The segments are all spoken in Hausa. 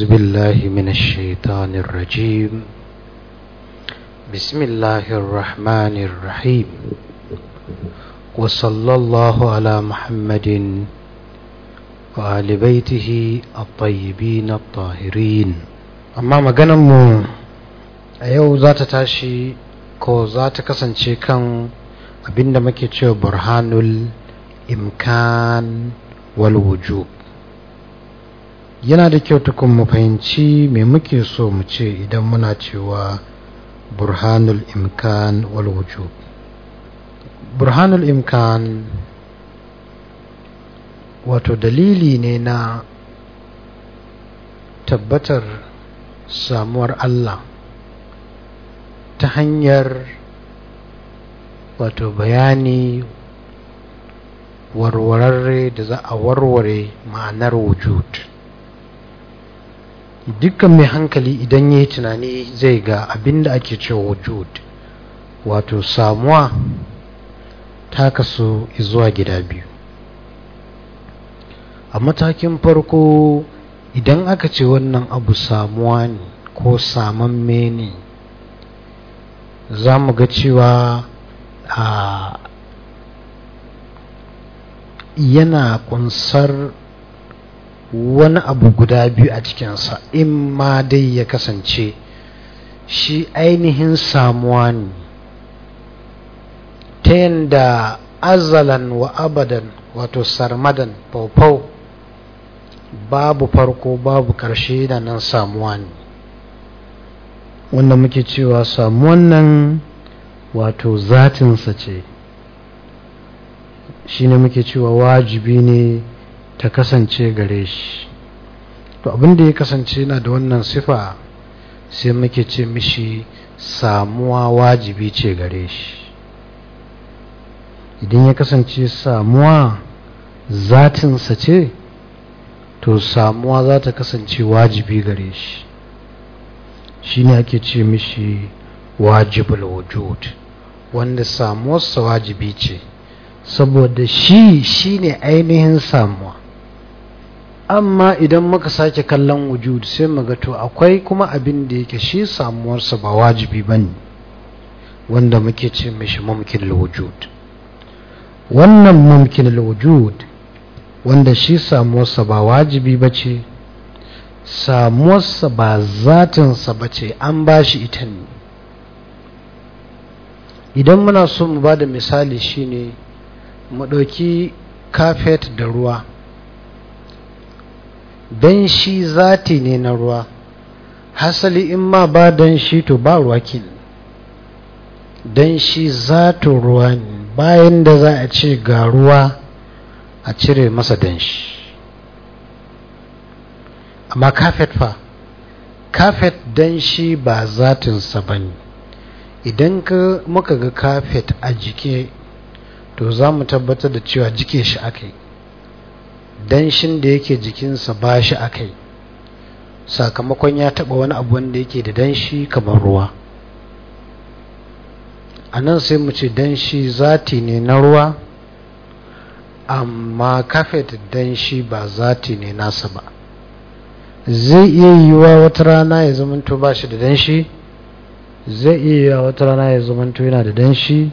أعوذ بالله من الشيطان الرجيم بسم الله الرحمن الرحيم وصلى الله على محمد وآل بيته الطيبين الطاهرين أما مغانا مو أيو ذات تاشي كو ذات كسن شيكان أبين دمكي برهان الإمكان والوجوب yana da kyau ta mu fahimci me muke so mu ce idan muna cewa burhanul imkan wal wujub burhanul imkan wato dalili ne na tabbatar samuwar Allah ta hanyar wato bayani warwararre da za a warware ma'anar wujud dukkan mai hankali idan ya yi tunani zai ga abin da ake cewa wujud wato samuwa ta kasu zuwa gida biyu a matakin farko idan aka ce wannan abu samuwa ne ko samamme ne za mu ga cewa a yana kunsar wani abu guda biyu a cikinsa in ma dai ya kasance shi ainihin samuwa ne ta yadda azalan wa abadan wato sarmadan faufau babu farko babu ƙarshe da nan samuwa ne wanda muke cewa samuwan nan wato zatinsa ce shi ne muke cewa wajibi ne ta kasance gare shi to abin da ya kasance yana da wannan sifa sai muke ce mishi samuwa wajibi ce gare shi idan ya kasance samuwa zatinsa ce to samuwa za ta kasance wajibi gare shi shi ne ake ce mishi wajibul wujud wanda samuwarsa wajibi ce saboda shi shi ne ainihin samuwa amma idan muka sake kallon wujud sai muga to akwai kuma abin da yake shi samuwarsa ba wajibi ba ne wanda muke ce mishi mumkin wujud wannan mumkin wujud wanda shi samuwarsa ba wajibi ba ce samuwarsa ba zatinsa ba ce an ba shi ita ne idan muna so mu ba da misali shine mu ɗauki kafet da ruwa Danshi zati ne na ruwa hasali in ma ba danshi to ba ruwa ke. dan shi ruwa ne bayan da za a ce ga ruwa a cire masa danshi. shi amma kafet fa kafet danshi ba zatinsa ba ne idan muka ga kafet a jike to za mu tabbatar da cewa jike shi aka yi danshin da yake jikinsa ba shi a kai sakamakon ya taɓa wani abu wanda yake da danshi kamar ruwa a nan sai mu ce danshi zati ne na ruwa amma kafet danshi ba zati ne nasa ba zai iya yiwuwa wata rana ya zamanto ba shi da danshi zai iya yiwuwa wata rana ya zamanto yana da danshi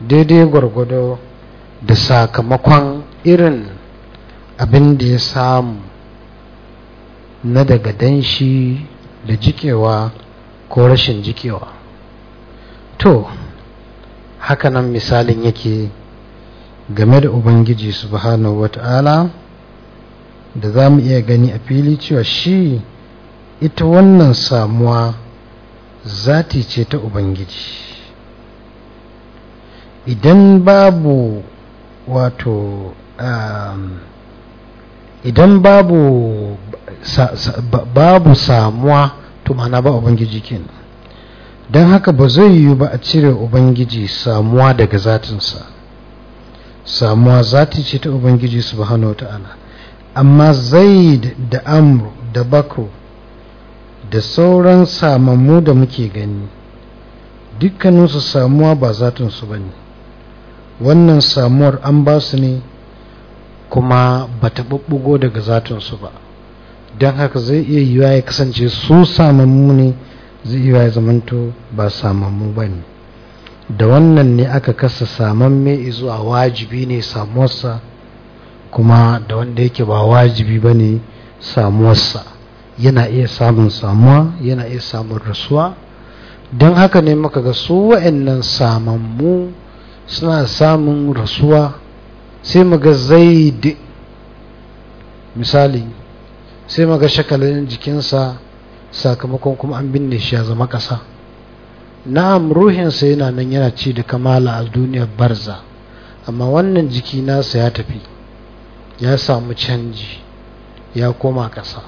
daidai gwargwado da sakamakon irin abin da ya samu na daga danshi da jikewa ko rashin jikewa to hakanan misalin yake game da ubangiji subhanahu wata'ala da za mu iya gani a fili cewa shi ita wannan samuwa zati ce ta ubangiji idan babu wato um, idan babu babu samuwa to mana ba ubangiji kenan don haka ba zai yiwu ba a cire ubangiji samuwa daga zatinsa samuwa zati ce ta ubangiji subhanahu wa ta'ala amma zaid da Amur, da bakru da sauran samammu da muke gani dukkaninsu samuwa ba zatinsu ba ne wannan samuwar an ba su ne kuma ba ta ɓuɓɓugo daga zatinsu ba don haka zai iya yiwa ya kasance su samammu ne zai iya ya zamanto ba samammu ba ne da wannan ne aka kasa saman samamme zuwa wajibi ne samuwarsa kuma da wanda yake ba wajibi ba ne samuwarsa yana iya samun samuwa yana iya samun rasuwa don haka ne maka ga su wa'annan samammu suna samun rasuwa sai muga ga zaid misali sai muga ga shakalin jikinsa sakamakon kuma an binne shi ya zama ƙasa na'am ruhinsa yana nan yana ci da kamala a duniyar barza amma wannan jiki nasa ya tafi ya samu canji ya koma ƙasa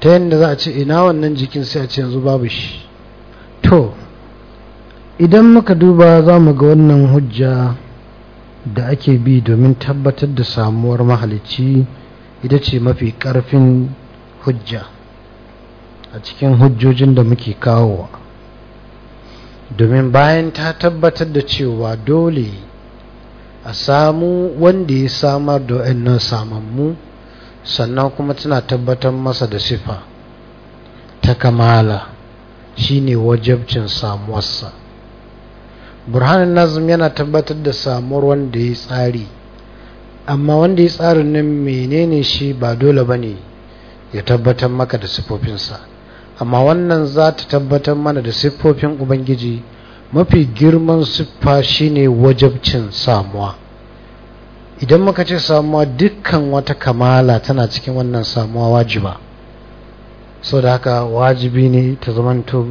ta yadda za a ce ina wannan jikin sai a ce yanzu babu shi to idan muka duba za mu ga wannan hujja da ake bi domin tabbatar da samuwar mahalicci ita ce mafi ƙarfin hujja a cikin hujjojin da muke kawowa domin bayan ta tabbatar da cewa dole a samu wanda ya samar da wa'annan samammu sannan kuma tana tabbatar masa da sifa ta kamala shine wajabcin samuwarsa burhanin nazim yana tabbatar da samuwar wanda ya tsari amma wanda ya tsarin nan menene shi ba dole ba ne ya tabbatar maka da siffofinsa amma wannan za ta tabbatar mana da siffofin ubangiji mafi girman siffa shine wajabcin samuwa idan muka ce samuwa dukkan wata kamala tana cikin wannan samuwa wajiba so da haka wajibi ne ta zamanto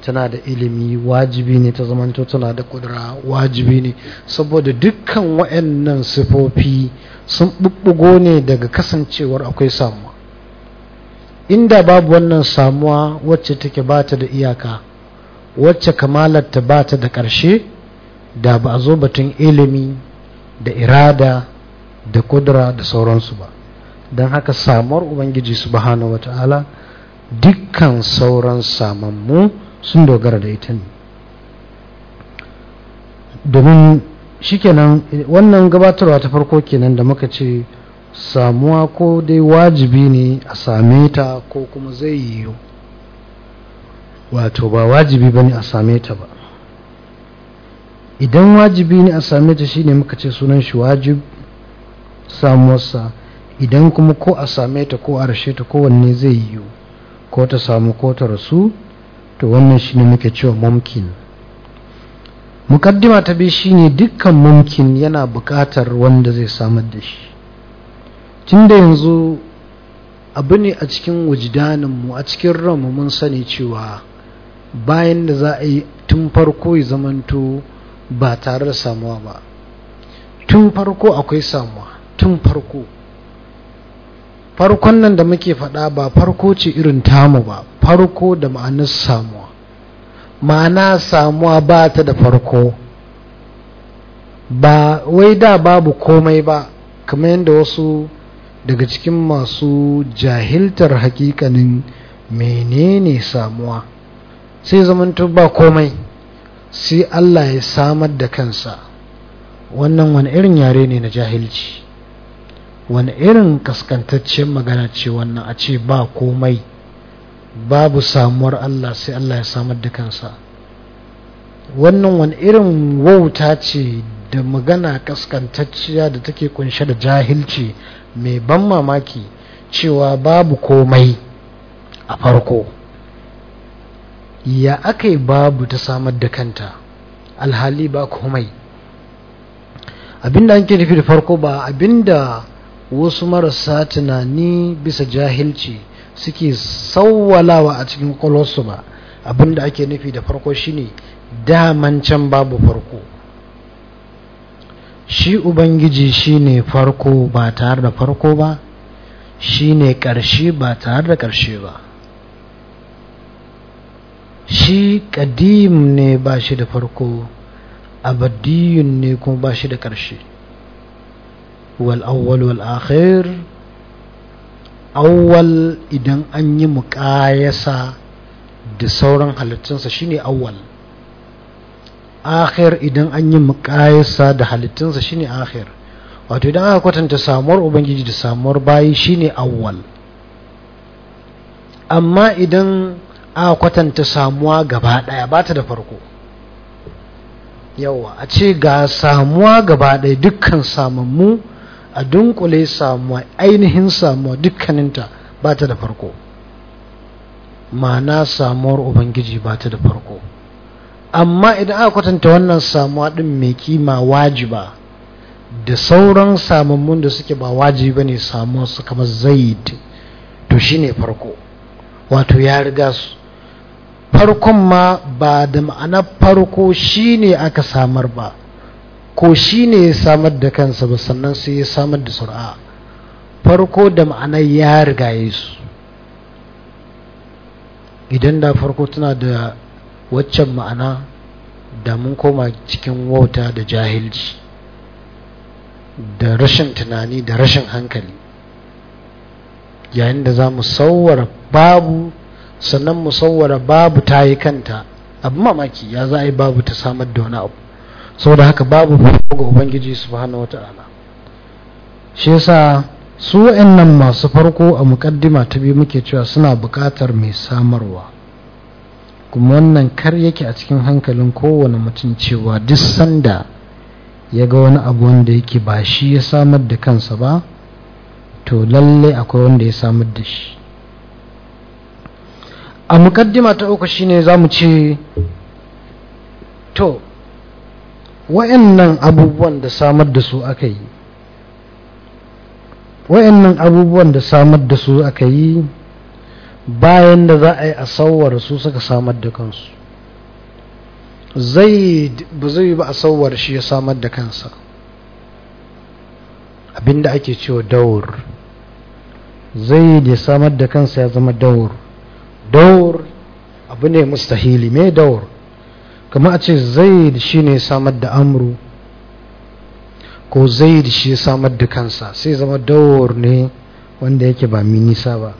tana da ilimi wajibi ne ta zamanto tana da kudura wajibi ne saboda dukkan wa'annan sifofi sun bubbugo ne daga kasancewar akwai samuwa inda babu wannan samuwa wacce take bata da iyaka wacce kamalarta bata da ƙarshe da ba a zo batun ilimi da irada da kudura da sauransu ba don haka samuwar ubangiji su subhanahu wata'ala dukkan sauran mu sun dogara da ita ne domin shikenan wannan gabatarwa ta farko kenan da muka ce samuwa ko dai wajibi ne a same ta ko kuma zai yiwu wato ba wajibi ba ne a same ta ba idan wajibi ne a same ta shine muka ce sunan shi wajib samuwarsa idan kuma ko a same ta ko a rashe ta kowanne zai yiwu ko ta samu ko ta rasu to wannan shi ne muke cewa mumkin mukaddima ta biyu ne dukkan mumkin yana bukatar wanda zai samar da shi tunda yanzu abu ne a cikin wujdaninmu a cikin ranmu mun sani cewa bayan da za a yi tun farko ya zamanto ba tare da samuwa ba tun farko akwai samuwa tun farko farkon nan da muke faɗa ba farko ce irin tamu ba farko da ma'anar samuwa ma'ana samuwa ba ta da farko ba wai da babu komai ba kamar yadda wasu daga cikin masu jahiltar hakikanin menene samuwa sai zamanto ba komai sai Allah ya samar da kansa wannan wani irin yare ne na jahilci wani irin kaskantaccen magana ce wannan a ce ba komai babu samuwar Allah sai Allah ya samar da kansa wannan wani irin wauta ce da magana kaskantacciya da take kunshe da jahilci mai ban mamaki cewa babu komai a farko ya aka yi babu ta samar da kanta alhali ba komai abinda an ke nufi da farko ba abinda wasu marasa tunani bisa jahilci suke sauwalawa a cikin kwakwalwarsu ba abinda ake nufi da farko shine daman can babu farko shi ubangiji shine farko ba tare da farko ba shine ƙarshe ba tare da ƙarshe ba shi kadim ne ba shi da farko abadiyun ne kuma ba shi da ƙarshe huwa al-awwal wal idan an yi muƙayasa da sauran halittunsa shine awwal akhir idan an yi muƙayasa da halittunsa shine akhir wato idan aka kwatanta samuwar ubangiji da samuwar bayi shine awwal amma idan aka kwatanta samuwa gaba ɗaya ba ta da farko yawa a ce ga samuwa gaba ɗaya dukkan samammu a dunkule samuwa ainihin samuwa dukkaninta ba ta da farko ma'ana samuwar ubangiji ba ta da farko amma idan aka kwatanta wannan samuwa din mai kima wajiba da sauran samammun da suke ba wajibi ba ne samuwarsu kamar zaid to shi ne farko wato ya riga su farkon ma ba da ma'ana farko shi ne aka samar ba ko shi ne ya samar da kansa ba sannan sai ya samar da sur'a farko da ma'anar ya rigaye su idan da farko tana da waccan ma'ana da mun koma cikin wauta da jahilci da rashin tunani da rashin hankali yayin da za mu sauwara babu sannan mu sauwara babu ta yi kanta abu mamaki ya za a yi babu ta samar da wani abu sau da haka babu horo ga ubangiji wata wata'ala shi yasa su nan masu farko a mukaddima ta biyu muke cewa suna bukatar mai samarwa kuma wannan kar yake a cikin hankalin kowane mutum cewa duk sanda ya ga wani abu wanda yake ba shi ya samar da kansa ba to lalle akwai wanda ya samar da shi a mukaddima ta uku shine za mu ce to wa'annan abubuwan da samar da su aka yi wa'annan abubuwan da samar da su aka yi bayan da za a yi asawar su suka samar da kansu zai ba zai ba asawar shi ya samar da kansa abinda ake cewa daur zai ya samar da kansa ya zama daur daur abu ne mustahili me daur kamar a ce zaid shi ne samar da amuru ko zaid shi samar da kansa sai zama dawar ne wanda yake ba nisa ba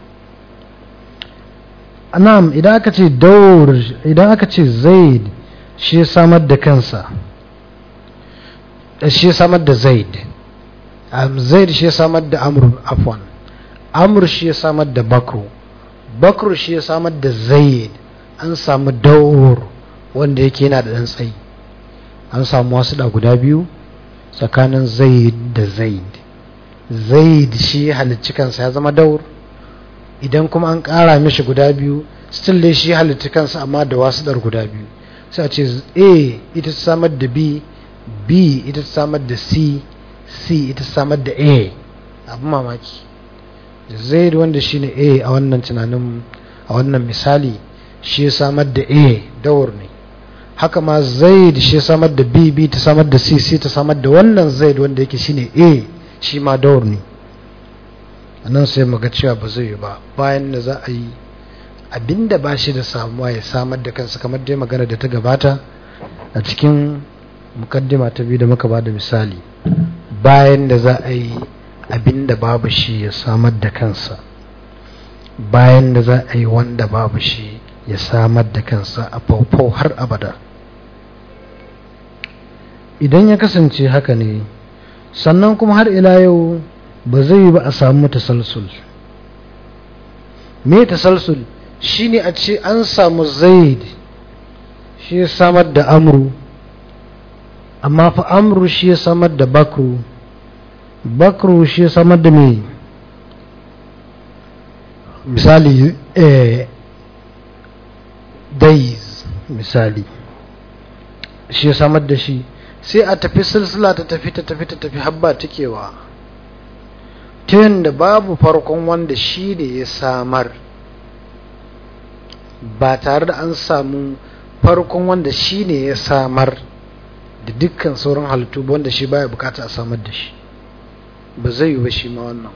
anam idan aka ce dawar idan aka ce zaid shi samar da kansa eh, shi samar da zaid um, zaid shi samar da amur afwan amur shi samar da bakro bakro shi samar da zaid an samu dawar wanda yake yana da ɗan tsayi an samu wasu da guda biyu tsakanin zaid da zaid zaid shi halicci kansa ya zama daur idan kuma an ƙara mishi guda biyu still dai shi halicci kansa amma da wasu dar guda biyu sai a ce a ita ta samar da b b ita ta samar da c c ita ta samar da a abin mamaki zaid wanda shine a a wannan tunanin a wannan misali shi samar da a daur ne haka ma zaid shi samar da bb ta samar da cc ta samar da wannan zaid wanda yake shine a shi ma daur ne nan sai muga cewa ba zai yi ba bayan da za a yi abinda ba shi da samuwa ya samar da kansa kamar dai magana da ta gabata a cikin mukaddima ta biyu da muka ba da misali bayan da za a yi abinda babu shi ya samar da kansa bayan da za a yi wanda babu shi ya samar da kansa a faufau har abada idan ya kasance haka ne sannan kuma har ila yau ba zai yi ba a samu tasalsul me tasalsul ne a ce an samu zaid shi ya samar da amru amma fa amru shi ya samar da bakru bakru shi ya samar da mai misali eh, days misali shi ya samar da shi sai a tafi silsila ta tafi ta tafi ta tafi habba tikewa ta yadda babu farkon wanda shi ne ya samar ba tare da an samu farkon wanda shi ne ya samar da dukkan sauran halittu wanda shi baya bukata a samar da shi ba zai yi ba shi ma wannan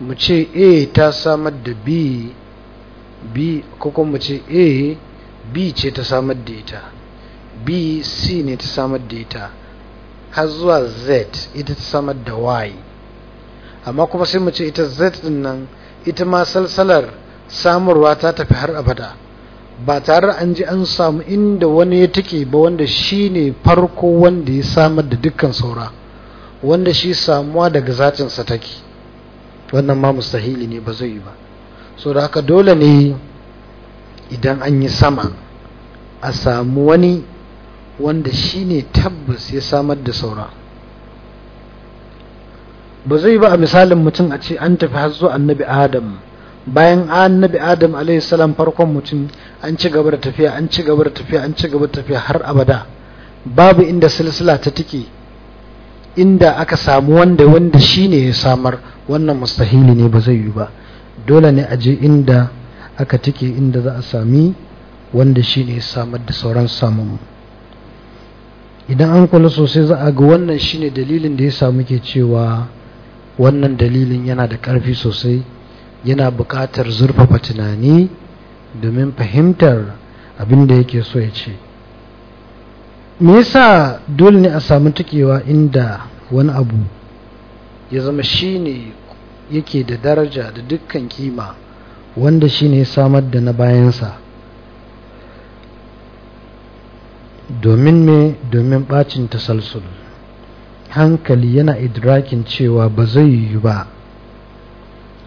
mu ce a ta samar da b b ko kuma mu ce a b ce ta samar da ita b c ne ta samar da ita har zuwa z ita ta samar da y amma kuma sai mu ce ita z din nan ita ma salsalar samarwa ta tafi har abada ba tare an ji an samu inda wani ya take ba wanda shi ne farko wanda ya samar da dukkan saura wanda shi samuwa daga zatinsa take wannan ma mustahili ne ba zai yi ba so da haka dole ne idan an yi sama a samu wani wanda shi ne tabbas ya samar da saura ba zai ba a misalin mutum a ce an tafi har zuwa annabi adam bayan annabi adam alaihissalam farkon mutum an ci gaba da tafiya an ci gaba da tafiya an ci gaba da tafiya har abada babu inda silsila ta tike inda aka samu wanda wanda shi ne ya samar wannan mustahili ne ba zai yi ba dole ne a je inda aka tike inda za a sami wanda shi ne ya samar da sauran samun idan an kula sosai za a ga wannan shine dalilin da ya samu ke cewa wannan dalilin yana da ƙarfi sosai yana buƙatar zurfafa tunani domin fahimtar abin da yake so ya ce me yasa dole ne a samu tukewa inda wani abu ya zama shine yake da daraja da dukkan kima wanda shine samar da na bayansa domin me domin bacin tasalsul hankali yana idrakin cewa ba zai yi ba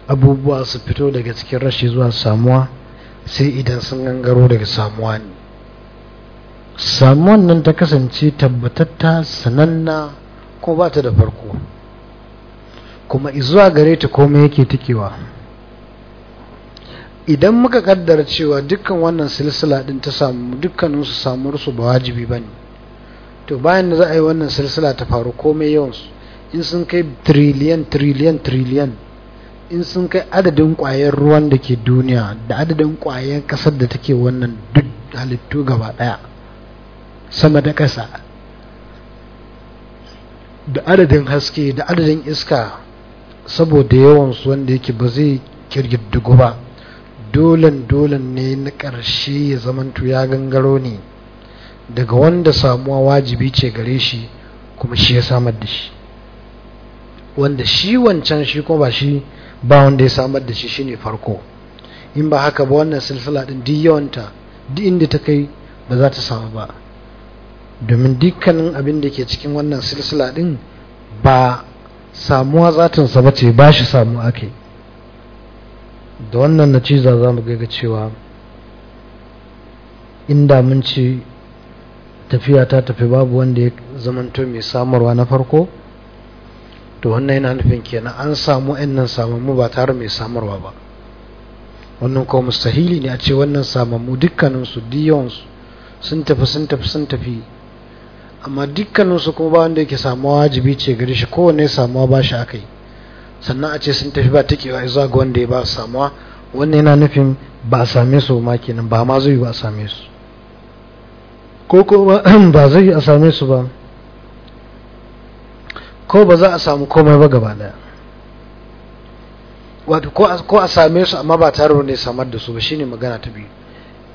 abubuwa su fito daga cikin rashi zuwa samuwa sai idan sun gangaro daga samuwa ne samuwan nan ta kasance tabbatatta sananna ko ba ta da farko kuma izuwa gare ta komai yake tikewa idan muka kaddara cewa dukkan wannan silsila din ta samu dukkanin su samu rusu ba wajibi bane to bayan da za a yi wannan silsila ta faru komai yawan su in sun kai trillion trillion trillion in sun kai adadin kwayar ruwan da ke duniya da adadin kwayar kasar da take wannan duk halittu gaba daya sama da kasa da adadin haske da adadin iska saboda yawansu wanda yake ba zai kirgiddugu ba dolan dolan ne na ƙarshe ya zamantu ya gangaro ne daga wanda samuwa wajibi ce gare shi kuma shi ya samar da shi wanda shi wancan shi kuma ba shi ba wanda ya samar da shi shine farko in ba haka ba wannan silsila din duk yawanta duk inda ta kai ba za ta samu ba domin dukkanin abin da ke cikin wannan silsila din ba samuwa zatinsa ba ce ba shi samu ake da wannan naciza za mu ga cewa inda mun ci tafiya ta tafi babu wanda ya zamanto mai samarwa na farko to wannan yana nufin kenan an samu nan samammu ba tare mai samarwa ba wannan kuma mustahili ne a ce wannan samammu dukkaninsu diyonsu sun tafi sun tafi sun tafi amma dukkaninsu kuma ba wanda yake samuwa wajibi ce gari shi kowane samuwa ba shi aka yi sannan a ce sun tafi ba takewa zuwa ga wanda ya ba su samuwa wanda yana nufin ba a same su ma kenan ba ma zai ba a same su ko kuma ba zai a same su ba ko ba za a samu komai ba gaba daya wato ko a same su amma ba tare da samar da su ba shine magana ta biyu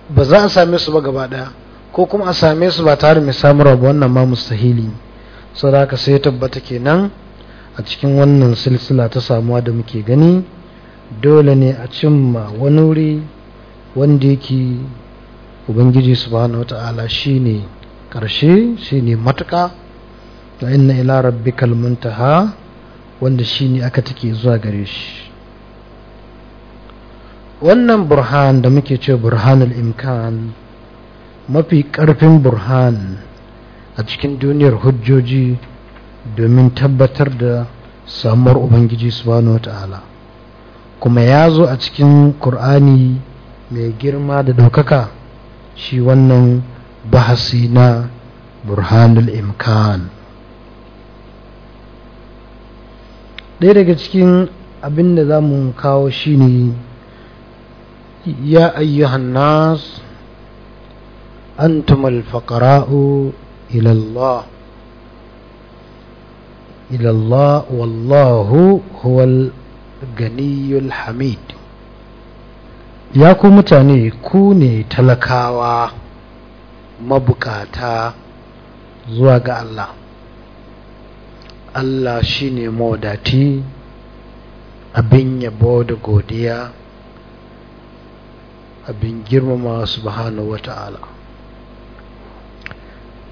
ba za a same su ba gaba daya ko kuma a same su ba tare mai samarwa ba wannan ma mustahili ne da aka sai ya tabbata kenan a cikin wannan silsila ta samuwa da muke gani dole ne a cimma wani wuri wanda yake ubangiji subhanahu wata'ala shine shi shine matuka da inna ila Rabbi kalmanta muntaha wanda shi ne aka take zuwa gare shi wannan burhan da muke ce burhan imkan mafi ƙarfin burhan a cikin duniyar hujjoji domin tabbatar da samuwar ubangiji subhanahu wata'ala kuma ya zo a cikin ƙur'ani mai girma da ɗaukaka shi wannan bahasi na burhanul imkan ɗaya daga cikin abin da za mu kawo shi ne ya ayyuhan nas tumal faƙara'u ilallah إلى الله ya ku mutane ku ne talakawa mabukata zuwa ga Allah Allah shi ne mawadati abin yabo da godiya abin girmama subhanahu wa ta'ala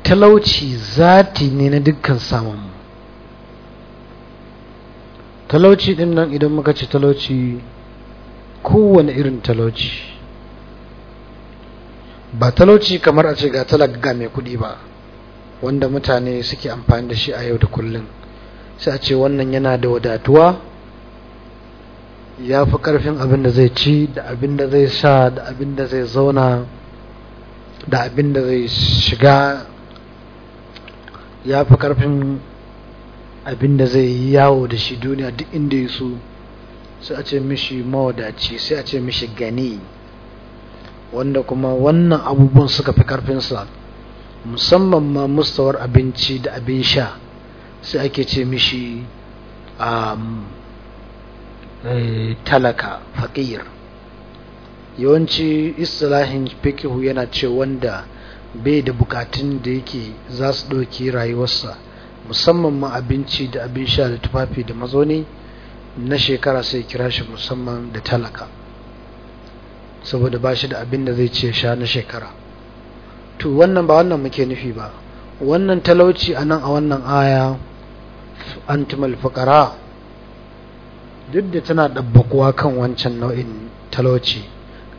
talauci zati ne na dukkan samun talauci din nan idan muka ci talauci kowane irin talauci ba talauci kamar a ce ga talaga mai kuɗi ba wanda mutane suke amfani da shi a yau da kullum sai a ce wannan yana da wadatuwa ya fi ƙarfin abin da zai ci da abin da zai sha da abin da zai zauna da abin da zai shiga ya fi ƙarfin Abin da zai yi yawo da shi duniya duk inda ya so sai a ce mishi mawadaci sai a ce mishi gani wanda kuma wannan abubuwan suka fi karfinsa musamman ma mustawar abinci da abin sha sai ake ce mishi um, eh, talaka faƙir yawanci istilahin fikihu yana ce wanda bai da bukatun da yake za su ɗauki rayuwarsa musamman ma abinci da abin sha da tufafi da mazauni na shekara sai kira shi musamman da talaka saboda ba shi da abin da zai ce sha na shekara to wannan ba wannan muke nufi ba wannan talauci a nan a wannan aya antimal fukara duk da tana ɗabbakuwa kan wancan nau'in talauci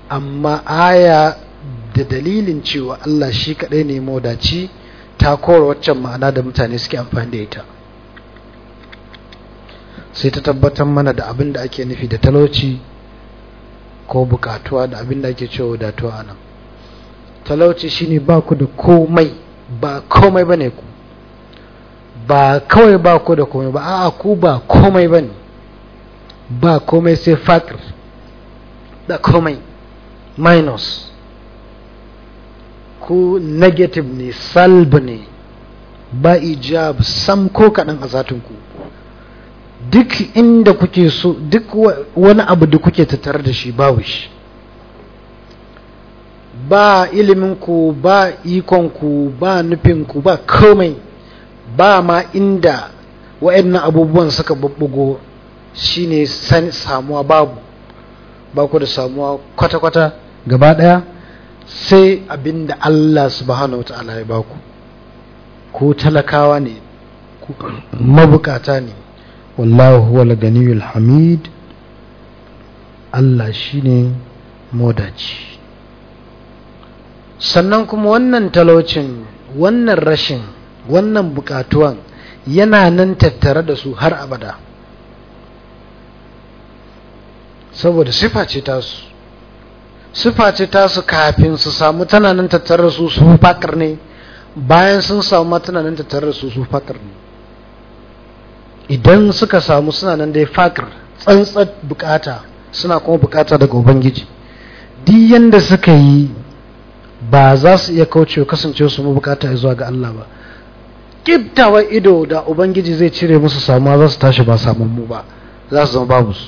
amma aya da dalilin cewa Allah shi kaɗai ne mawadaci ta kora waccan ma'ana da mutane suke amfani da ita sai ta tabbatar mana da abin da ake nufi da talauci ko bukatuwa da abin da ake cewa wadatuwa a nan talauci shine ba ku da komai ba komai ba ne ku ba kawai ba ku da komai ba a'a ku ba komai ba ne ba komai sai fakir da komai minus Ko negative ne salb ne ba ijab sam ko kaɗan a zatinku duk inda kuke so duk wani abu da kuke tattare da shi ba shi ba iliminku ba ikonku ba nufinku ba komai ba ma inda wa'annan abubuwan suka babbugo shine samuwa babu ba ku da samuwa kwata-kwata gaba ɗaya sai abin da Allah subhanahu wa ta'ala ya baku ku talakawa ne mabukata ne wallahu huwa ganiyul hamid Allah shine modaci sannan kuma wannan talaucin wannan rashin wannan bukatuwan yana nan tattare da su har abada saboda sifa ce tasu sifa ce tasu kafin su samu tunanin tattara su su fakar ne bayan sun samu ma tunanin tattara su su fakar ne idan suka samu suna nan dai fakar tsantsar bukata suna kuma bukata daga ubangiji duk yadda suka yi ba za su iya kauce kasance su bukata zuwa ga Allah ba kiftawar ido da ubangiji zai cire musu samuwa za su tashi ba samun mu ba za su zama babu su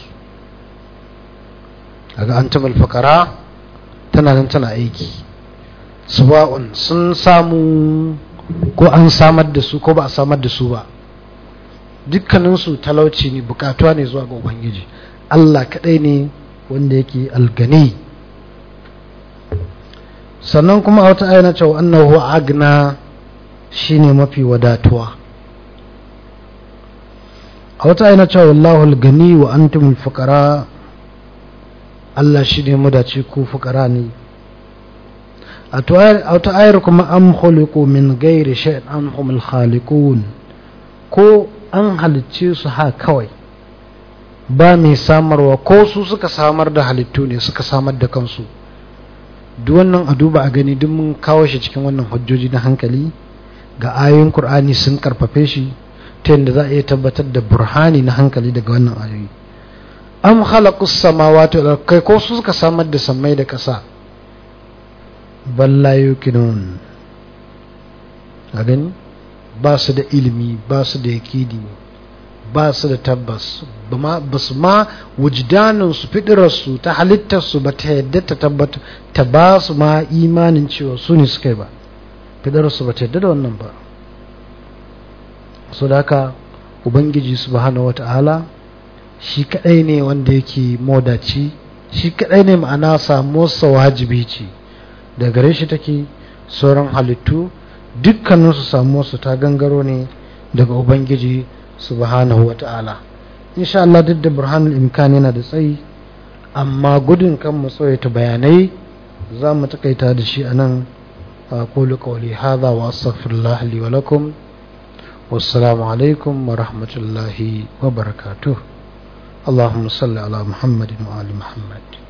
daga fakara tana nan tana aiki suba'un sun samu ko an samar da su ko ba a samar da su ba dukkaninsu talauci ne bukatuwa ne zuwa ga ubangiji allah kaɗai ne wanda yake algani sannan kuma a wata ayyana cewa annahu agna shine mafi wadatuwa a wata ayyana cewa wallahu algani wa antumul fukara. Allah shi ne madace ku fukara ne a ta ayar kuma an khuliqu min gairi shay'in an humul khaliqun ko an halicce su ha kawai ba mai samarwa ko su suka samar da halittu ne suka samar da kansu duk wannan a duba a gani duk mun kawo shi cikin wannan hujjoji na hankali ga ayoyin ƙur'ani sun karfafe shi ta yadda za a iya tabbatar da burhani na hankali daga wannan ayoyi am khalaqus samawati wal kai ko su suka samar da samai da kasa ballayu la yuqinun ba su da ilimi ba su da yakidi ba su da tabbas ba su ma wujdanin su fidirarsu ta halittarsu ba ta yadda ta tabbata ta ba su ma imanin cewa su ne suka kai ba fidirarsu ba ta yadda da wannan ba so da haka ubangiji subhanahu ta'ala shi kadai ne wanda yake modaci shi kadai ne ma'ana samuwarsa wajibi ce da gare shi take sauran halittu dukkaninsu samuwarsu ta gangaro ne daga ubangiji subhanahu wata'ala insha Allah duk da burhanul imkan yana da tsayi amma gudun kan mu tsawaita bayanai za mu takaita da shi a aqulu qawli hada wa astaghfirullah li wa lakum wassalamu alaikum wa rahmatullahi wa barakatuh اللهم صل على محمد وآل محمد